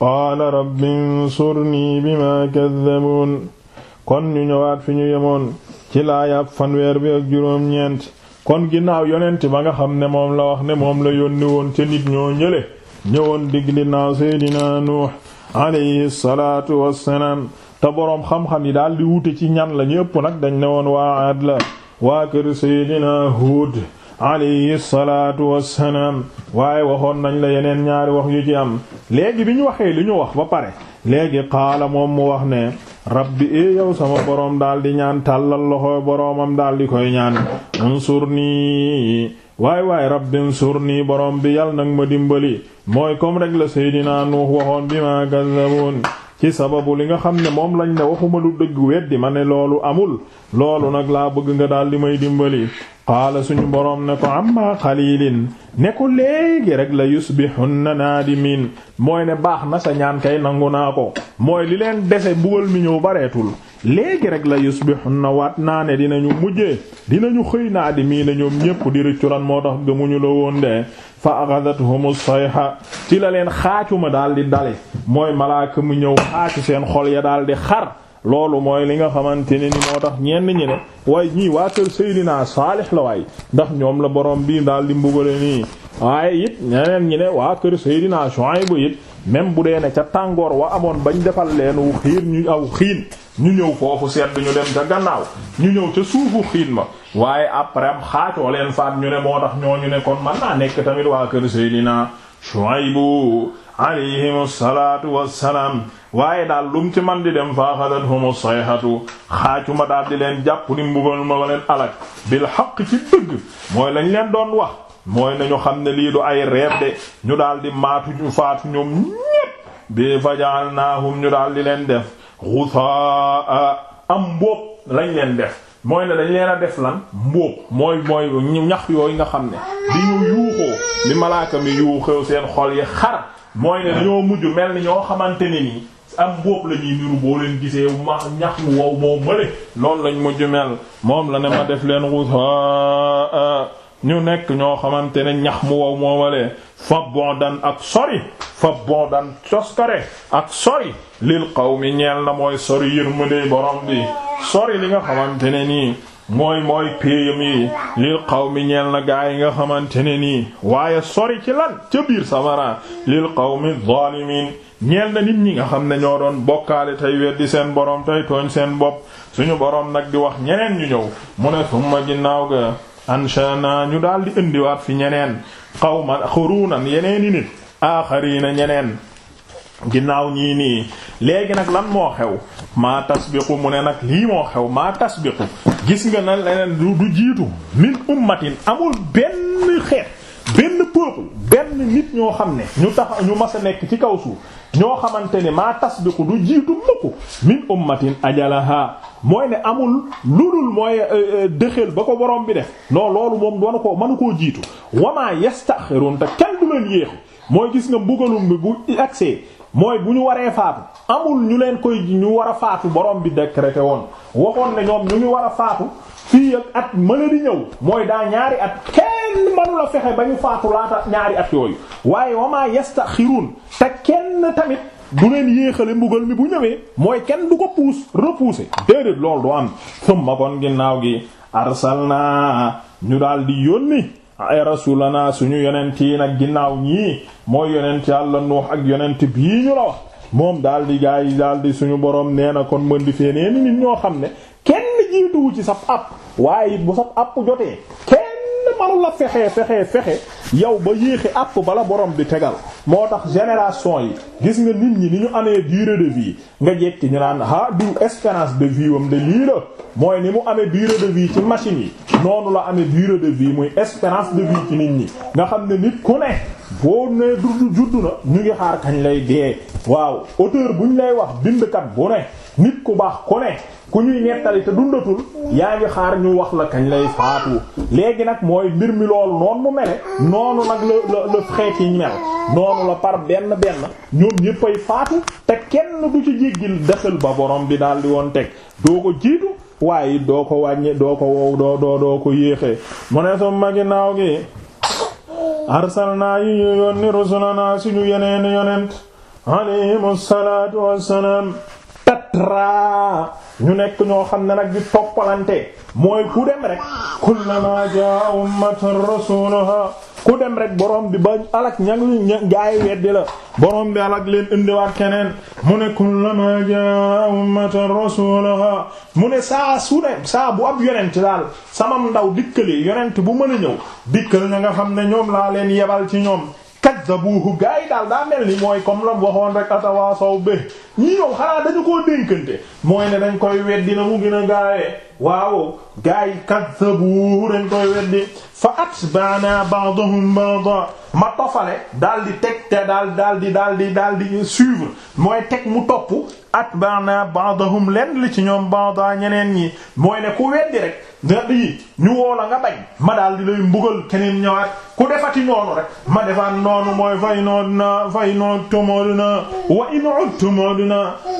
qaala rabbi nsurnii bimaa kaddabuun kon ñu ñëwaat fi ñu yemoon ci laayab fanweer bi ak juróom-ñeent kon ginnaaw yonent ba nga xam ne moom la wax ne moom la yónni woon ci nit ñoo ñële ñëwoon digli naaw seydinaa nuux alayhi salaatu wassalaam te boroom xam-xam yi daal di wuute ci ñan la ñépp nag dañ ne woon waa aad la waa kër seydinaa huud alayhi salaatu wassalaam waaye waxoon nañu la yeneen ñaari wax yu ci am léegi bi ñu waxee li ñu wax ba pare léegi qaala moom mu wax ne rab e eh, yow sama boroom daal di ñaan tàllal loxo boroomam daal di koy ñaan nii waaye waaye rab waay rabbi nii boroom bi yal nag ma dimbali mooy comme rek la Seydina Nuux waxoon bi ma kazzaboon ci sababu li nga xam ne moom lañ ne waxuma lu dëgg weddi ma ne loolu amul loolu nag laa bëgg nga daal di may dimbali qaala suñu borom ne ko amma xalilin ne ko léegi rek la yusbihunna naadimin mooy ne baax na sa ñaan kay nangu naa ko mooy li leen dese mbugal mi ñëw bareetul léegi rek la yusbihunna waat naa ne dinañu mujjee dinañu xëy naadimiina ñoom ñépp di rëccuran moo tax gëmuñu la woon de fa axadathum sayha ci la leen xaacu ma daal di dale mooy malaaka mu ñëw xaacu seen xol ya daal di xar loolu mooy li nga xamante ne ni moo tax ñenn ñi ne waaye ñii waa kër Seydina Saalih la waay ndax ñoom la boroom bii daal di mbugale nii waaye it ñeneen ñi ne waa kër Seydina Shuayb it même bu dee ne ca tàngoor wa amoon bañ defal leen wu ñu aw xiin ñu ñëw foofu sedd ñu dem ca gannaaw ñu ñëw ca suufu xiin ma waaye après am xaacoo leen faat ñu ne moo tax ñooñu ne kon man naa nekk tamit waa kër Seydina Shuayb alayhim salaatu wassalaam waaye daal lum ci man di dem fa axadathum sayhatu xaacu ma daal di leen jàpp ni mbugal ma leen alak bil xaq ci dëgg mooy lañ leen doon wax mooy nañu xam ne lii du ay reeb de ñu daal di maatu ñu faatu ñoom ñépp bi faja'alnaahum ñu daal di leen def ghusaa am mbóob lañ leen def mooy ne dañ leen a def lan mbóob mooy mooy ñax yooyu nga xam ne di ñu yuuxoo li malaaka mi yuuxoo seen xol yi xar mooy ne dañoo mujj mel ni ñoo xamante ne nii am bopp la niru boo leen gisee ma ñax mu wow moo mële loolu lañ mujj mel moom la ne ma def leen rusa ñu nekk ñoo xamante ne ñax mu wow moo ware fa bon dan ak sori fa bon dan soskare ak sori lil mi ñeel na mooy sori yërmande borom bi sori li nga xamante ne nii mooy mooy péeyam yi xaw mi ñeel na gaa yi nga xamante ne nii waaye sori ci lan ca biir samara xaw mi zalimin ñeel na nit ñi nga xam ne ñoo doon bokkaale tey weddi seen borom tey tooñ seen bopp suñu boroom nag di wax ñeneen ñu ñëw mu ne summa ginnaaw ga anshana ñu daal di indiwaat fi ñeneen qawman xurunan yeneeni nit aaxarina ñeneen ginnaaw ñii nii léegi nag lan moo xew maa tasbiqu mu ne nag lii moo xew maa tasbiqu gis nga ne leneen du jiitu min ummatin amul benn xeet benn peuple benn nit ñoo xam ne ñu tax ñu mas a nekk ci kaw suuf ñoo xamante ne maa tasbiqu du jiitu mukk min ummatin ajalaha mooy ne amul lulul mooy euh, euh, dëxel ba ko borom bi def non loolu moom wanu ko mënu koo jiitu wamaa yastaxirun te kenn du leen yéexu mooy gis nga mbugalum bi bu accès mooy bu ñu waree faatu amul ñu leen koy ñu war a faatu borom bi décrété woon waxoon na ñoom ñu ngi war a faatu fii ak at mën di ñëw mooy daa ñaari at kenn mënu la fexe ba ñu faatu laata ñaari at yooyu waaye wama yastaxirun te kenn tamit du leen yéexale mbugal mi bu ñëwee mooy kenn du ko puus repousser déedéet loolu du am summa kon ginnaaw gi arsalna ñu daal di yónni ay rasulana suñu yonent yi nag ginnaaw ñii mooy yonent yàlla nuux ak yonent bii ñu la wax moom daal di gaa yi daal di suñu borom nee na kon mën di feeneeni nit ñoo xam ne kenn jiituwu ci sab app waaye bu sab app jotee kenn manu la fexe fexe fexe yow ba yéexi app bala borom bi tegal moo tax génération yi gis nga nit ñi ni ñu amee durée de vie nga jekki ñu naan ah diw espérance de vie wam de lii la mooy ni mu amee durée de vie ci machine yi noonu la amee durée de vie muy espérance de vie ci nit ñi nga xam ne nit ku ne boo ne dudd juddu na ñu ngi xaar kañ lay dee waaw auteur buñ lay wax bindkat bu ne nit ku baax ku ne ku ñuy nettali te dundatul yaa ngi xaar ñu wax la kañ lay faatu léegi nag mooy mbir mi loolu noonu mu mele noonu nag la la la xeet yi mel noonu la par benn benn ñoom ñëppay faatu te kenn du ci jéggil desal ba borom bi daal di woon teg doo ko jiitu waaye doo ko wàññi doo ko wow doo doo doo ko mu ne summa ginnaaw gi arsalnaa yi ñu yónni rusulanaa suñu yeneen yonent alayhimu salaatu wassalaam tatra ñu nekk ñoo xam ne nag di toppalante mooy ku dem rek kullamaa jaa ummatun rasuluhaa ku dem rek borom bi ba alak ña ngi gaay weddi la borom bi alak leen indiwaat keneen mu ne kullama jaa ummatan rasulaha mu ne saa su ne saa bu ab yonent daal samam ndaw dikkali yonent bu mën a ñëw dikkal na nga xam ne ñoom laa leen yebal ci ñoom kadzabuhu gaa yi daal daa mel ni mooy comme lam waxoon rek atawaasaw bé ñi ñoom xanaa dañu koo dénkante mooy ne dañ koy weddi na mu gën a gaawee waaw gaa yi kadzabuhu dañ koy weddi fa atba'na ba'dahum ba'da ma tofale daal di teg te daal daal di daal di daal di suivre mooy teg mu topp atba'na ba'dahum lenn li ci ñoom ba'da ñeneen ñi mooy ne ku weddi rek nga yi ñu woo la nga bañ ma daal di lay mbugal keneen ñëwaat ku defati noonu rek ma defaat noonu mooy fay noonu na fay noonu tomodu na wa inood tomodu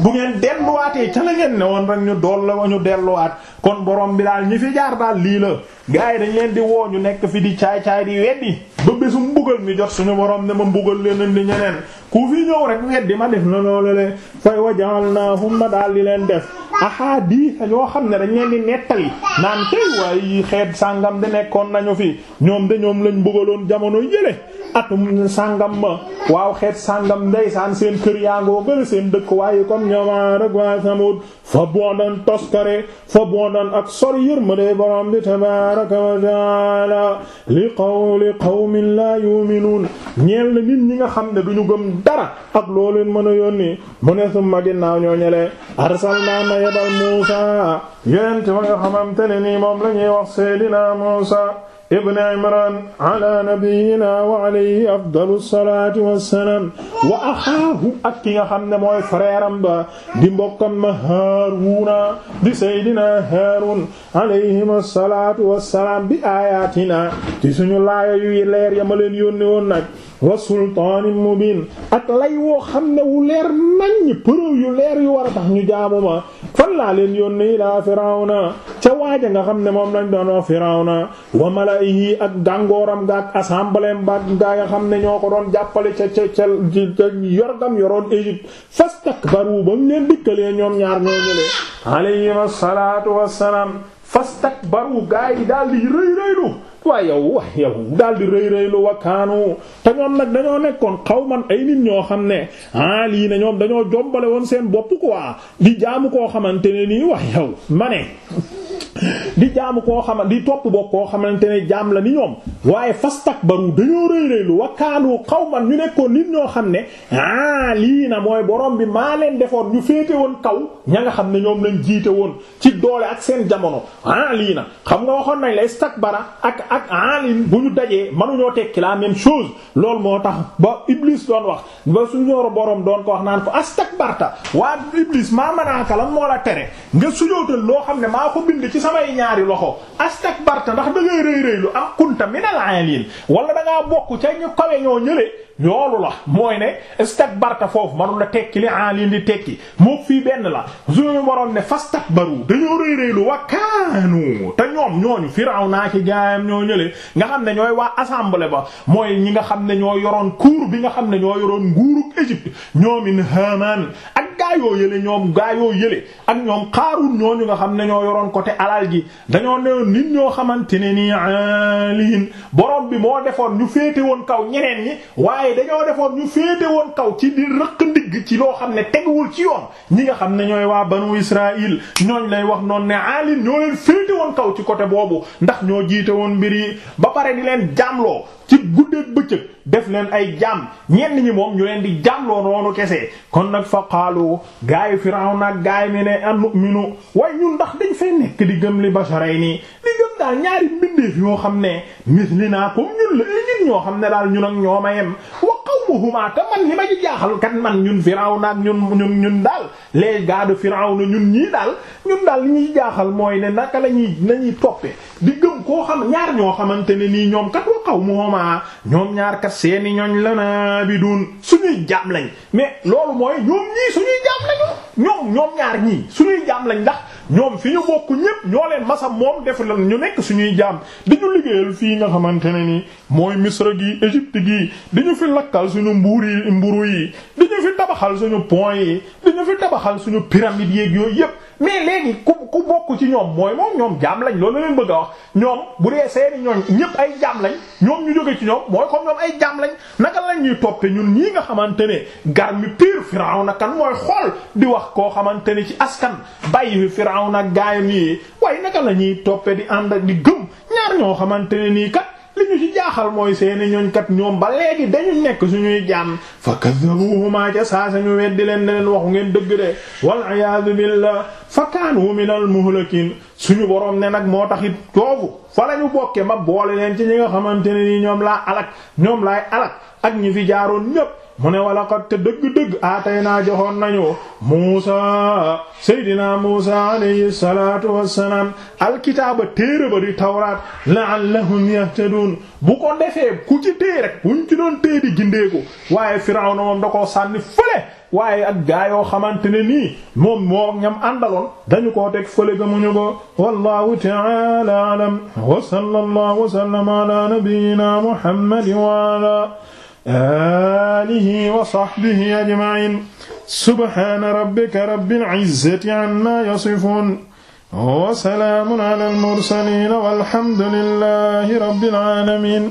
bu ngeen delluwaatee ca la ngeen ne woon rek ñu dool la ñu delluwaat kon boroom bi daal ñi fi jaar daal lii la gars yi leen di woo ñu nekk fi di caay caay di weddi ba bésu mbugal mi jox suñu woroom ne ma mbugal leen di ñeneen ku fi ñëw rek weddi ma def na loolu le fay wajalnahum ma daal di leen def ahadith ñoo xam ne dañ leen di nettali naan tey waaye xeet sàngam di nekkoon nañu fi ñoom de ñoom lañ bëggaloon jamono yële atum sàngam ma waaw xeet sàngam deysaan seen kër yaa ngoo gëla seen dëkk waaye comme ñooma rek waa samut fa bondan toskare fa bondan ak sori yërmande borom bi tabaraka wa taala li qawli qawmin la yu'minun ñeel na nit ñi nga xam ne duñu gëm dara ak looleen mën a yónni mu ne summa ginnaaw ñoo ñele arsalna yebal Muusaa yonent ma nga xamante ne nii moom la ñuy wax Seydina Muusaa ibn Imraan ala nabiyyinaa wa alayhi afdalu salaatu wassalaam wa axaahu ak ki nga xam ne mooy frère am ba di mbokkam ma Haaruuna di Seydina Haaruun alayhim salaatu wassalaam bi aayaatinaa ci suñu laaya yu leer ya ma leen yónni woon nag wa sultaanin mubiin ak lay woo xam ne wu leer nañ preuve yu leer yu war a tax ñu jaamu ma fan laa leen yónnee ilaa firawna ca waaja nga xam ne moom lañ doon wax wa malaihi ak gàngooram ga ak assemblée ba gaa nga xam ne ñoo ko doon jàppale ca ca ca yorgam yoroon Égypte fastakbaru ba mu leen dikkalee ñoom ñaar ñoo ñëlee alayhim assalaatu wassalaam fastakbaru gaa daal di waa yow waaye yow daal di rëy rëy lu wakkaanu te ñoom nag dañoo nekkoon xaw man ay nit ñoo xam ne ah lii ne ñoom dañoo jombale woon seen bopp waa di jaamu koo xamante ne nii waaye yow ma di jaamu koo xama di topp boo koo xamante ne jaam la ni ñoom waaye fastakbaru dañoo rëy rëy lu wakaanu xawman ñu nekkoon nit ñoo xam ne ah lii na mooy boroom bi maa leen defoon ñu féete woon kaw ña nga xam ne ñoom lañ jiite woon ci doole ak seen jamono ah lii na xam nga waxoon nañ la istakbara ak ak alim bu ñu dajee mënuñoo tekki la même chose loolu moo tax ba Iblis doon wax ba suñu borom doon ko wax naan ko astakbarta waa Iblis maa manaaka la tere nga samay ñaari loxo astakbarta ndax da ngay rëy rëy lu am ah kunta minal alin wala da ngaa bokk ca ñu kawe ñoo ñële yoolu la mooy ne istakbarta foofu manu la tekki li alin di tekki moo fii benn la suñu waroon ne fastakbaru dañoo rëy rëy lu wa kaanu te ñoom ñooñu Firawna ci gaayam ñoo ñële nga xam ne ñooy waa assemblée ba mooy ñi nga xam ne ñoo yoroon cour bi nga xam ne ñoo yoroon nguuruk ñoo ñoomin Haman gaayoo yële ñoom gaayoo yële ak ñoom xaarun ñooñu nga xam ne ñoo yoroon côté alal ji dañoo newoon nit ñoo xamante ne nii aliin borom bi moo defoon ñu féete woon kaw ñeneen ñi waaye dañoo defoon ñu féete woon kaw ci di rëq ndigg ci loo xam ne teguwul ci yoon ñi nga xam ne ñooy waa banu Israël ñooñ lay wax noon ne aliin ñoo leen féete woon kaw ci côté boobu ndax ñoo jiite woon mbir yi ba pare di leen jaamloo ci guddeeg bëccëg def leen ay jaam ñenn ñi moom ñu leen di jaam loo noonu kese kon nag fa qaalu gaayu Firawna ak gaay mi ne an nu'minu waaye ñun ndax dañ fay nekk di gëm li basharayni di gëm yoo xam ne mislinaa comme ñun la ñun ne daal ñun ak ñooma yem qawmuhuma te li ma ci jaaxal kat ñun daal les gars de Firawna ñun ñii daal ñun daal li ñuy jaaxal mooy ne naka la ñuy di gëm koo xam ñaar ñoo xamante ne nii ñoom kat wa qawmuhuma ñoom ñaar kat seeni ñoñ lana abidun suñuy jaam lañ mais loolu mooy ñoom ñii suñuy jaam lañu ñoom ñoom ñaar ñii suñuy jaam lañ ndax ñoom fi ñu bokk ñépp ñoo leen masa moom def lan ñu nekk suñuy jaam di ñu liggéeyal fii nga xamante ne ni mooy misra gi égypte gi di ñu fi lakkal suñu mbuur yi mburu yi di ñu fi tabaxal suñu pont yi di ñu fi tabaxal suñu pyramide yeeg yooyu yépp mais léegi ku ku bokk ci ñoom mooy moom ñoom jaam lañ loolu leen bëgg a wax ñoom bu dee seeni ñooñ ñépp ay jaam lañ ñoom ñu jóge ci ñoom mooy ko ñoom ay jaam lañ naka lañ ñuy toppe ñun ñii nga xamante ne garmi pire Firawna kan mooy xool di wax koo xamante ne ci askan bàyyi fi Firawna gaayam yi waaye naka la ñuy toppe di ànd ak di gëm ñaar ñoo xamante nii kat li ñu ci jaaxal mooy seeni ñooñ kat ñoom ba léegi dañu nekk suñuy jaam fa kaddabuhuma ca saa sañu weddi leen ne leen waxu ngeen dëgg de wal iyaadu billah fa kaanu minal muhlakin suñu boroom ne nag moo taxit foofu fa lañu bokke ma boole leen ci ñi nga xamante ne nii ñoom laa alak ñoom laay alak ak ñi fi jaaroon ñépp mu ne walaqad te dëgg-dëgg aatay naa joxoon nañu Muusa Seydina Muusa alayhi salaatu wassalaam alkitaaba téere ba di tawraat la'allahum yahtadun bu ko defee ku ci téye rek buñ ci doon téye di gindeeku waaye Firawna moom da sànni fële waaye ak gaa yoo xamante ne nii moom moo ñam àndaloon dañu koo teg fële gëmuñu ko wallahu ta'ala alam wa sallallahu wa sallama ala nabiyyina muhammadin wa ala alihi wa sahbihi ajma'in subhana rabbika rabbil izzati amma yasifun wa salamun ala al mursalin walhamdulillahi rabbil alamin